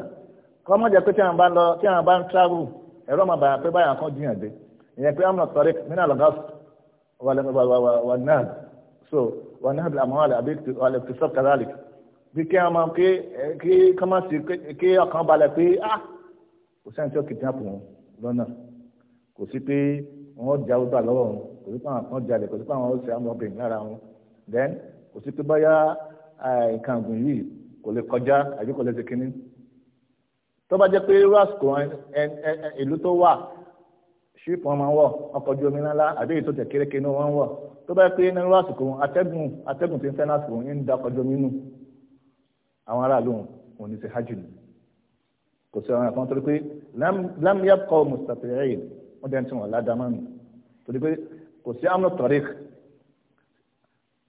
kọ́ mọ̀ jẹ́ pé tí àwọn bá ń lọ tí àwọn bá ń travel ẹ̀rọ máa bàyà pé báyà kan jiyàn dé ìyẹn pé amnu sọ̀rọ̀ nínú àlọ́gás wà náà so wà náà àmọ́ àlè àbí àlè fi sọ́ọ̀ bí kí wọn máa ké kí kí wọn sì ké ọkàn balẹ̀ pé ah kò sẹ́ni tí ó kìtìyàn pọ̀ wọn lọ́nà kò sí pé wọn jà ó gbà lọ́wọ́ wọn kò sí pé àwọn kan jalè kò sí pé àwọn ó ṣe àwọn obìnrin lára wọn then kò sí pé báyà eh, nǹkan ọ̀gbìn yìí kò lè kọjá àbí kò lè ṣe kínní tó bá jẹ́ pé irú àsìkò eh, eh, ìlú tó wà ṣíìpù wọn máa ń wọ̀ ọkọ̀ ojú omi ńlá àbí èyí tó tẹ̀ kérékè ní wọn ń wọ̀ tó bá jẹ́ pé irú àsìkò atẹ́gùn atẹ́gùn ti ń fẹ́ lásìkò ń da ọkọ̀ ojú omi nù àwọn aráàlú òun ní ṣe hajj ni kò sí àwọn àkàntọ́ torí pé lámìyàkọ́ mustapẹ̀rẹ̀ wọ́n jẹ́ tí wọ́n ládàmọ́ nù torí pé kò sí amúnú tọ́rík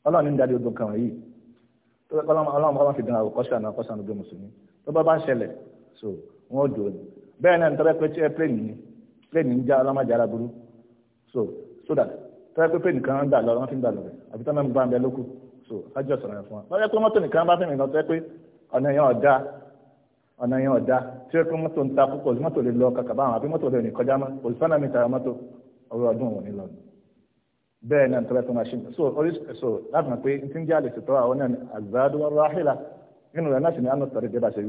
ọlọ́run ní dáadé odò kan yìí ọlọ́run bá wọn fi dùn àwọn kọ́ṣà náà kọ́ṣà náà gbé mùsùlùmí tó bá bá ń ṣẹlẹ̀ so wọ́n dùn ní bẹ́ẹ̀ náà nítorí pé ẹ pléènì ni pléènì ń já ọlọ́mọdé ara burú so so that tọ́lá pé pléènì kan ń dà lọ wọ́n fi ń dà lọ àbí tọ́lá ń bá ń bẹ lókù so ájọ́ sọ̀rọ̀ yẹn fún wa wọ́n yẹ pé mọ́tò nìkan bá fẹ́mi lọ tọ́ ọ̀nà yẹn ọ̀dá ọ̀nà tí ó pé mọ́tò ń ta púpọ̀ mọ́tò lè lọ kàkà àbí mọ́tò lè kọjá mọ́ òṣìṣẹ́ mi tara mọ́tò ọ̀rọ̀ ọdún òun ni lọ bẹ́ẹ̀ náà tọ́lá tó máa ṣe so orí so láti mọ̀ pé tí ń jẹ́ àlèsè àwọn náà àzádó ọ̀rọ̀ nínú náà sì dé bá ṣe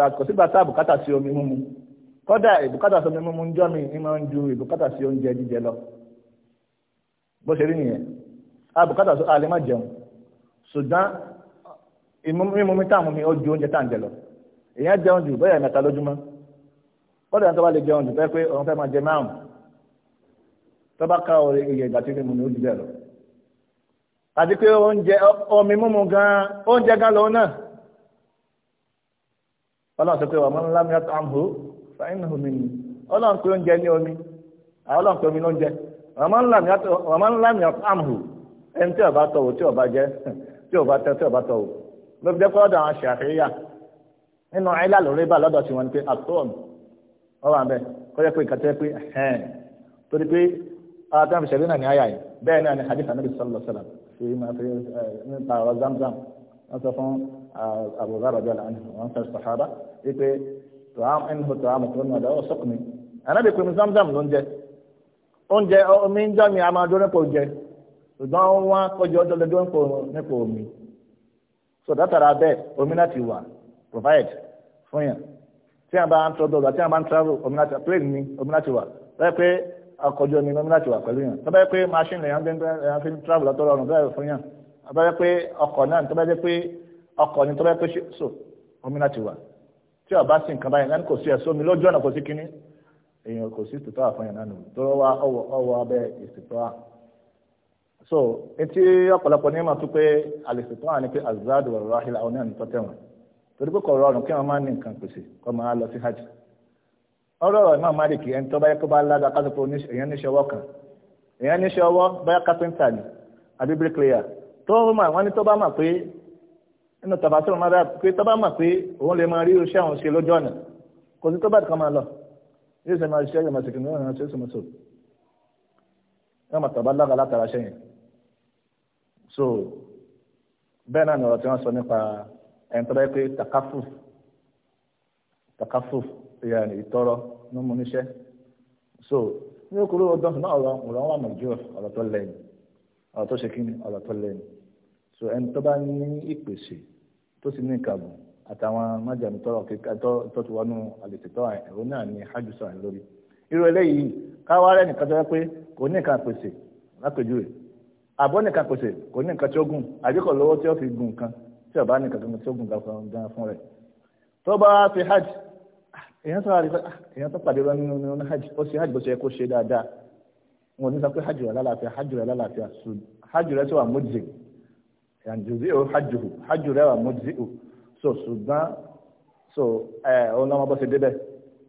ẹnu kan kódà ìbùkátà sọmi mímú ń jọ mi ní máa ń ju ìbùkátà sí oúnjẹ jíjẹ lọ bó ṣe rí nìyẹn àbùkátà sọ má jẹun ṣùgbọ́n mímú mi táàmù mi ó ju oúnjẹ jẹ lọ èèyàn jẹun jù bẹ́ẹ̀ mẹ́ta lójúmọ́ kódà ní lè jẹun jù bẹ́ẹ̀ pé òun fẹ́ máa jẹ márùn ká orí lọ àti pé oúnjẹ omi mímu gan oúnjẹ gan fàyín náà omi nìyí ọlọ́run pé oúnjẹ ní omi àwọn ọlọ́run pé omi ló ń jẹ wọ́n máa ń lámì àmù ẹni tí ọba tọ̀wọ̀ tí ọba jẹ tí ọba tẹ tí ọba tọ̀wọ̀ ló fi jẹ́ pé ọ̀dọ̀ àwọn ṣàfihà nínú ayélujára lórí bá lọ́dọ̀ tí wọ́n ń pe àtọ́ọ̀nù wọ́n wà bẹ́ẹ̀ kó jẹ́ pé ìkàtí ẹ pé ẹ̀hẹ́n torí pé àtàwọn ìṣẹ̀lẹ̀ náà ní àyà yìí bẹ́ẹ̀ náà ní hadith anabi sallallahu alaihi fi máa fi nípa ọ̀rọ̀ zamzam wọ́n sọ fún àbúrò rẹ̀ ọ̀dọ́ tòám ẹnìkò tòám tó ń nàdà ó sọkùnmí ànábì pé zamzam ló ń jẹ oúnjẹ omi ń jọ mi nípò jẹ ṣùgbọ́n wọn kọjú ọjọ́ lè dúró nípò omi so dátara bẹ́ẹ̀ omi láti wà provide fún yàn tí a bá ń tọ́ dọ́gba tí a bá ń travel omi láti wà plane ni omi láti wà bẹ́ẹ̀ pé ọkọ̀jú omi omi láti wà pẹ̀lú yàn tó bá yẹ pé machine lè yàn fi travel lọ́tọ́ rọrùn bẹ́ẹ̀ fún yàn tó bá yẹ pé ọkọ̀ náà tó bá yẹ pé ọkọ̀ ni tó pé so omi láti wà tí ọba sì nǹkan báyìí náà kò sí ẹ̀sọ́ mi lójú ọ̀nà kò sí kínní èèyàn kò sí ìtìtọ́ àfọyàn náà nù tó wá ọwọ́ abẹ́ ìtìtọ́ à. so etí ọ̀pọ̀lọpọ̀ ní ma tó pé àlèsìtọ́ à ní pé azadu wà rahil àwọn náà ní tọ́tẹ̀ wọn torí pé kò rọrùn kí wọn máa ní nǹkan pèsè kó máa lọ sí hajj. ọ̀rọ̀ ọ̀rọ̀ náà máa dìkì ẹni tó báyẹ kó bá ládàá ká bá máa pé nínú tàbátì ọmọ rẹ pé tọ́ bá mọ̀ pé òun lè máa rí iṣẹ́ àwọn ṣe lójú ọ̀nà kò sí tó bá kan máa lọ yóò ṣe máa ṣiṣẹ́ yọmọ ṣèkìnnì náà ṣe é sọmọ sọ yóò mọ̀ tàbá lára látara ṣe yẹn so bẹ́ẹ̀ náà nọ̀rọ̀ tí wọ́n sọ nípa ẹni tó bá yẹ pé takafuf takafuf ìyàrá ìtọ́rọ ló mú níṣẹ́ so ní okòrò ọdún náà ọ̀rọ̀ ọ̀rọ̀ wọn mọ̀ ju ọ̀rọ̀ tó lẹ́yìn ọ̀rọ̀ tó ṣe kí so ẹni tó bá ní ìpèsè tó sì ní ìkàbùn àtàwọn májàmú tọrọ kíkà tó ti wọnú àlètìtọ ẹ̀rọ náà ní hajj sọ àyìn lórí irú eléyìí káwá rẹ̀ nìkan tó yẹ pé kò ní nǹkan pèsè lápèjúwe àbọ̀ nìkan pèsè kò ní nǹkan tí ó gùn àbíkọ̀ lọ́wọ́ tí ó fi gùn kan tí ọ̀bá nìkan tí ó gùn gan fún rẹ̀ tó bá fi hajj ah, èèyàn tó rárí ah, èèyàn tó pàdé lọ́nà nínú ní hajj ó ṣe hajj bó ṣe kó ṣe dáadáa wọn ò ní sọ pé hajj rẹ̀ lálàáfíà hajj rẹ̀ lálàáfíà hajj rẹ̀ tó wà mọ́jì yanjuzi o hajjuhu hajju rẹ wà o so ṣùgbọ́n so ẹ òun náà wọn bọ́ sí débẹ̀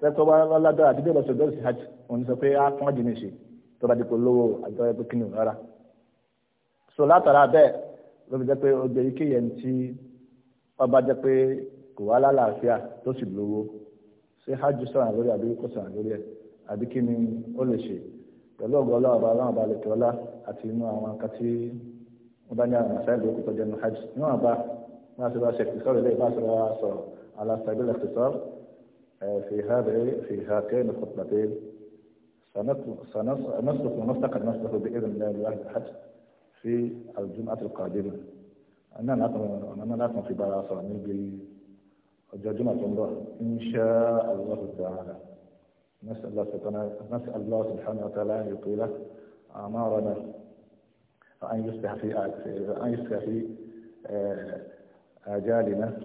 tẹ́tọ́ wá ládàá àdídé lọ́sọ̀ bẹ́ẹ̀ sí hajj òun sọ pé á kún hajj ní ṣe tó bá di kò lówó àjọ ẹgbẹ́ kínní ò rárá so látara bẹ́ẹ̀ ló fi jẹ́ pé ọgbẹ́ yìí kéèyàn tí ọba jẹ́ pé kò wá lálàáfíà tó sì lówó ṣé hajj sọ̀rọ̀ lórí àbí kò sọ̀rọ̀ lórí ẹ̀ àbí kí ni ó lè ṣe pẹ̀lú ọ̀gọ́ ọlọ́ọ̀bá ọlọ́ọ̀bá lè tọ́lá àti inú àwọn akátí wọ́n bá ní àwọn àṣàyàn lóko tó على سبيل الاختصار في هذه في هاتين الخطبتين سنسلك ونفتقد نفسه بإذن الله لأهل الحج في الجمعة القادمة أننا نكون في بلاصة نبي جمعة الله إن شاء الله تعالى نسأل الله سبحانه وتعالى أن يطيل أعمارنا وأن يصبح في أن يصبح في آجالنا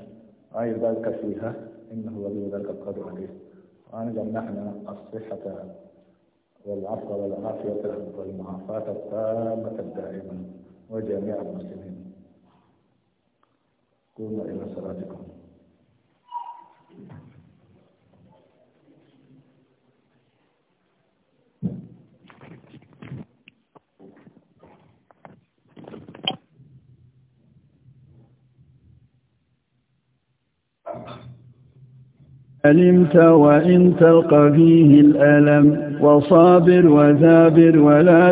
وأن يبارك فيها إنه ولي ذلك القدر عليه وأن يمنحنا الصحة والعفو والعافية والمعافاة التامة الدائمة وجميع المسلمين قوموا إلى صلاتكم علمت وإن تلقى فيه الألم وصابر وذابر ولا